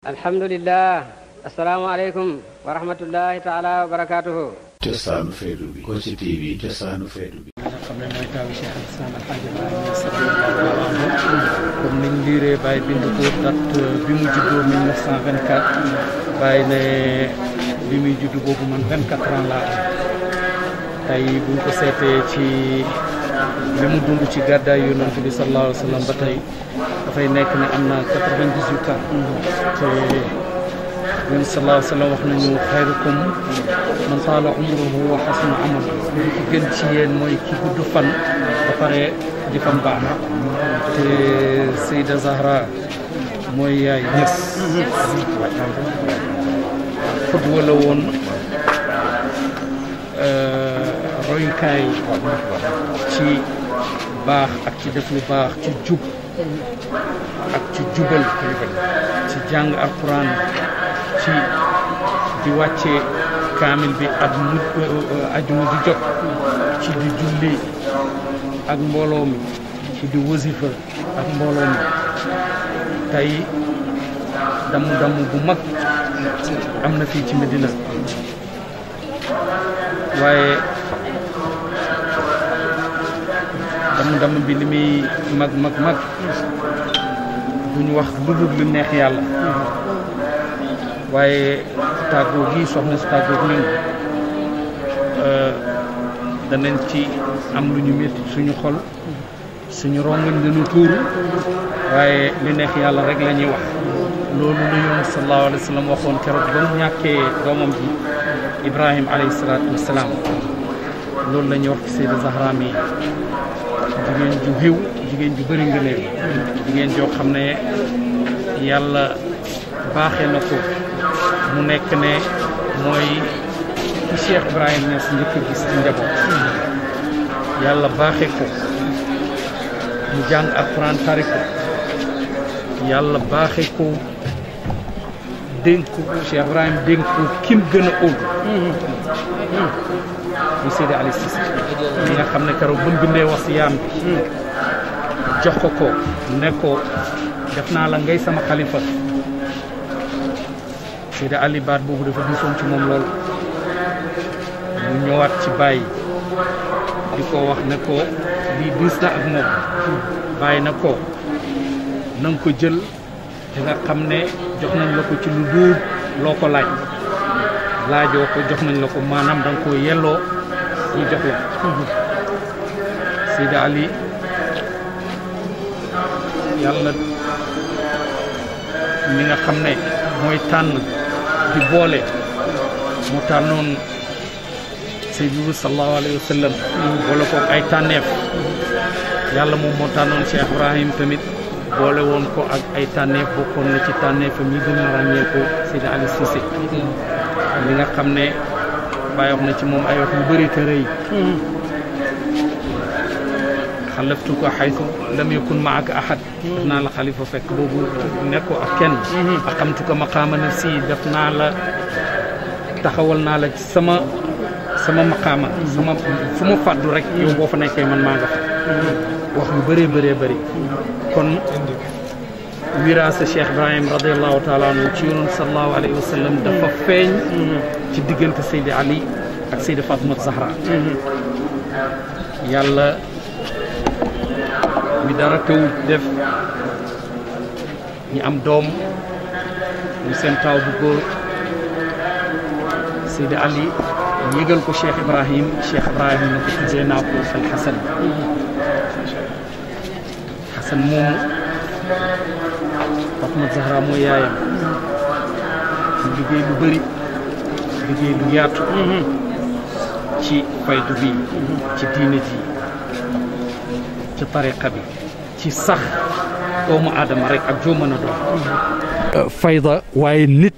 alhamdulilah asalaamaaleykum wa rahmatullahi taala wa barakaatuhu cosaanu feetu bi Kossy TV cosaanu feetu bi nga xam ne mooy taawu Cheikh al Islam Alxaaji niñ liiree Baye bind ko date bi mu juddoo ne bi muy juddu boobu man 24 tey buñ ko seetee ci li mu dund ci gàddaay yonent bi sallallahu alayhi wa ba tey dafay nekk ne am na quatre-vingt-dix-huit te yonent sallallahu alayhi wax nañu xayrukum man taala umruhu wa xasuna amalu gën ci yéen mooy ki gudd fan ba pare jëfam baax te Seyda Zahra mooy yaay ñës xudwa woon euh, royukaay ci baax ak ci def lu baax ci jub ak ci jubal kilifa ci jàng alquran ci di wàccee kaamil bi at mu eh, ajuma di jot ci di julli ak mbooloo mi ci di wasifa ak mbooloo tey damu damu bu mag am na fii ci Medina waaye damm damm bi li muy mag mag mag duñu wax lu dul lu neex yàlla waaye tàggoo gi soxna si tàggoog ñun euh, danañ ci am lu ñu métti suñu xol suñu rongañ dana tuuru waaye lu neex yàlla rek la ñuy wax loolu la yoon sallallahu waxoon keroog ba ñàkkee doomam ji Ibrahim alayhi salaatu wa loolu la ñuy wax ci Seyda Zahra mi jigéen ju xiw jigéen ju bëri nga néew jigéen joo xam ne yàlla baaxe na ko mu nekk ne mooy ci Cheikh Ibrahima Niass njëkk a gis ci njaboot yàlla baaxee ko mu jàng alxuraan tari ko yàlla baaxee ko dénk ko Cheikh Ibrahima kim gën a óolu bu Seydi Ali Cissé nga xam ne keroog buñ bindee wax si yaam bi jox ko ko ne ko def naa la ngay sama xalifa Seydi Ali boobu dafa gisoon ci moom mu ñëwaat ci bàyyi di ko wax ne ko lii diis na ak moom bàyyi na ko jël te xam ne jox nañ la ko ci lu duur loo ko laaj laajoo ko jox nañ la ko maanaam danga ko koo yelloo ñu jox la Seydi Ali yàlla mi nga xam ne mooy tànn di boole mu tànnoon Seydi bi sallallahu alayhi wa sallam boole ko ay tànneef yàlla moom moo tànnoon Cheikh Ibrahim tamit boole woon ko ak ay tànneef bokkoon na ci tànneefam yi gën a ràññee ko Seydi Ali Cissé li nga xam ne بايوخ نتي موم ايوخ مبري ay خلفتك حيث لم يكن معك احد دفنا لا خليفه فك بوبو نيكو اك كين اقمتك مقام نفسي دفنا لا تخولنا لا سما سما مقام سما فما فادو رك يو بو فا نيكاي مان ماغا واخ بو بري بري بري كون ميراس الشيخ ابراهيم رضي الله تعالى عنه تشيرون صلى الله عليه وسلم دفا فين في ديغنت سيدي علي اك فاطمه الزهراء يلا مي دارا تو ديف دوم ني سين تاو بوكو سيدي علي يجل كو شيخ ابراهيم شيخ ابراهيم نك زينابو في الحسن حسن مو فاطمة الزهراء مو يايم ليغي بو بري ليغي لو يات تي فاي دوبي تي دينتي تي طريقه بي تي صح دوم ادم رك اك جو مانا دو فايدا واي نيت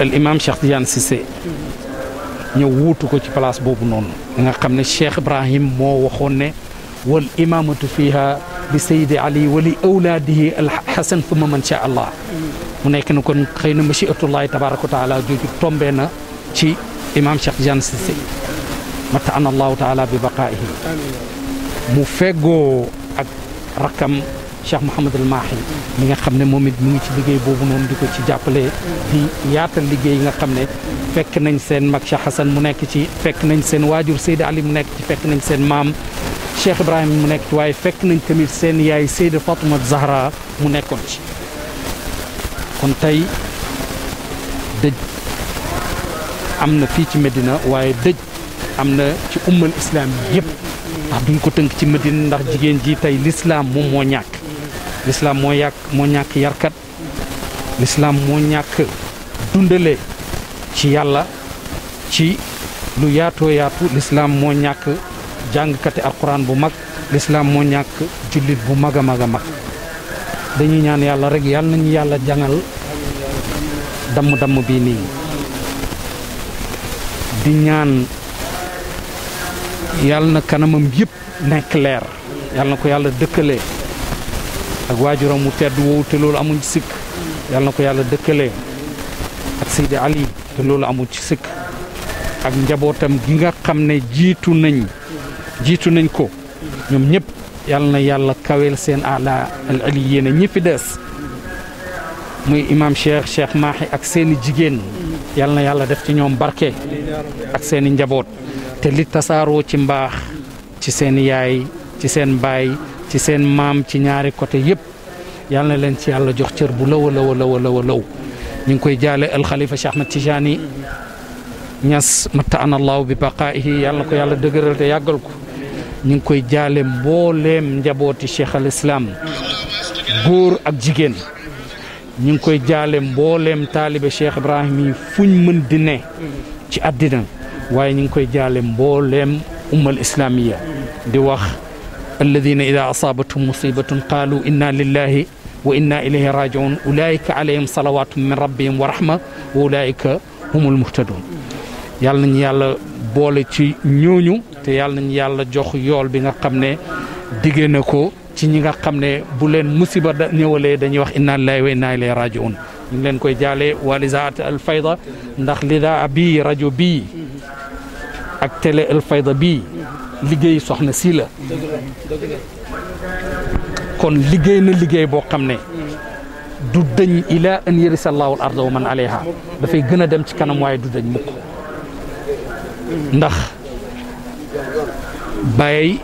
al imam Cheikh Tidiane Cissé ñëw wuutu ko ci place boobu noonu nga xam ne Cheikh Ibrahim moo waxoon ne wal imamatu fiha bi sayidi ali wali awlaadihi al hasan thumma man sha allah mu nekk na kon xëy na mashiatullahi tabaraka wa taala jooju tombee na ci imam Cheikh Tidiane Cissé mata an allahu taala bi baqaayihi mu feggoo ak rakam Cheikh Mouhamadul Mahi mi nga xam ne moom it mu ngi ci liggéey boobu moom di ko ci jàppale di yaatal liggéey yi nga xam ne fekk nañ seen mag Cheikh Hassan mu nekk ci fekk nañ seen waajur Seydi Ali mu nekk ci fekk nañ seen maam Cheikh Ibrahima mu nekk ci waaye fekk nañ tamit seen yaay Seyda Fatuma Zahra mu nekkoon ci kon tey dëj am na fii ci Medina waaye dëj am na ci ummal islam yëpp ndax duñ ko tënk ci Medina ndax jigéen ji tey lislaam ñàkk l'islam moo yàq moo ñàkk yarkat l'islam moo ñàkk dundale ci yàlla ci lu yaatoo yaatu l'islam moo ñàkk jàngkati alquran bu mag l'islam moo ñàkk jullit bu mag a mag a mag dañuy ñaan yàlla rek yàlla nañu yàlla jangal damm bi di ñaan na kanamam leer ak waajuram mu tedd woowu te loolu amuñ ci sikk yàlla na ko yàlla dëkkale ak Seydi Ali te loolu amuñ ci sikk ak njabootam gi nga xam ne jiitu nañ jiitu nañ ko ñoom ñëpp yal na yàlla kaweel seen ala al ali yéene fi des muy imam Cheikh Cheikh Mahi ak seeni jigéen yàlla na yàlla def ci ñoom barke ak seeni njaboot te li tasaaroo ci mbaax ci seen yaay ci seen baay ci seen maam ci ñaari côté yépp yal na leen ci yàlla jox cër bu law a law a law a law ñu ngi koy jaale alxalifa Cheikh Ahmad Tijani Ñas mattaan allahu bi baqaa'ihi yàlla ko yàlla dëgëral te yàggal ko ñu ngi koy jaale mbooleem njabooti Cheikh al Islam góor ak jigéen ñu ngi koy jaale mbooleem taalibe Cheikh Ibrahim yi fuñ mën di ne ci addina waaye ñu ngi koy jaale mbooleem ummal islamiya di wax الذين إذا أصابتهم مصيبة قالوا إنا لله وإنا إليه راجعون أولئك عليهم صلوات من ربهم ورحمة وأولئك هم المهتدون yàlla nañu yàlla boole ci ñooñu te yàlla nañu yàlla jox yool bi nga xam ne diggee na ko ci ñi nga xam ne bu leen musiba da ñëwalee dañuy wax inna lillahi wa inna ilayhi rajiun ñu ngi leen koy jaale waa lisaat al fayda ndax lidaa bii rajo bii ak télé al fayda bii ligéy soxna si la kon ligéy na ligéy boo xam ne du dëñ ila an yarisa allahu al arda wa man alayha dafay gën a dem ci kanam waaye du dëñ mukk ndax bàyyi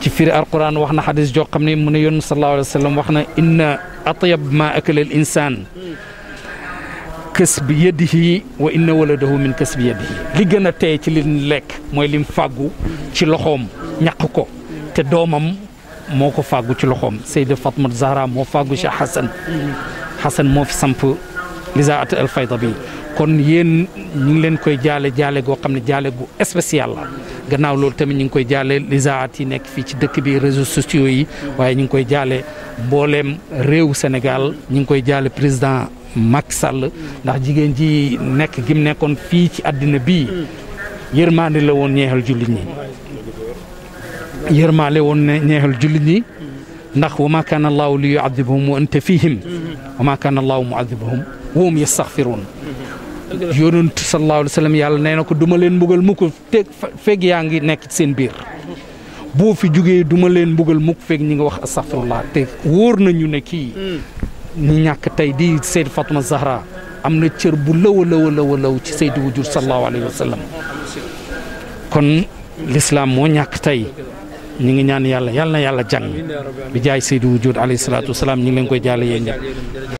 ci firi alquran wax na xadis joo xam ne mu ne yonn sallallahu alayhi wa sallam wax na inna atyab ma akala al insan kasbi yadihi wa inna waladahu min kasbi yadihi li gën a tey ci li lekk mooy lim fàggu ci loxoom ñaq ko te doomam moo ko faggu ci loxoom Seyda Fatma Zahra moo fàggu ci Xasan Xasan moo fi samp lisaat al fayda bi kon yéen ñu ngi leen koy jaale jaale goo xam ne jaale gu spécial la gannaaw loolu tamit ñu ngi koy jaale lisaat yi nekk fii ci dëkk bi réseaux sociaux yi waaye ñu ngi koy jaale mbooleem réew Sénégal ñu ngi koy jaale président Macky Sall ndax jigéen ji nekk gi mu nekkoon fii ci àddina bii yërmaande la woon ñeexal jullit ñi yërmaale woon ñeexal jullit ñi ndax wama ma kaana allahu li yuadibuhum wa anta fihim wama ma kaana allahu muadibhum wa hum yastaghfirun yonent sallallahu alayhi wa sallam yàlla nee na ko duma leen mbugal mukk te fekk yaa ngi nekk ci seen biir boo fi jógee duma leen mbugal mukk fekk ñi nga wax astaghfirullah te wóor nañu ne kii ñi ñàkk tey di Seyd Fatma Zahra am na cër bu law a law a ci Seydi Wujur sallallahu alayhi wa sallam kon l'islam moo ñàkk tey ñu ngi ñaan yàlla yàlla na yàlla jàng bi jaay Seydi Wujur alayhi salaatu wa salaam ñu ngi leen koy jaale yéen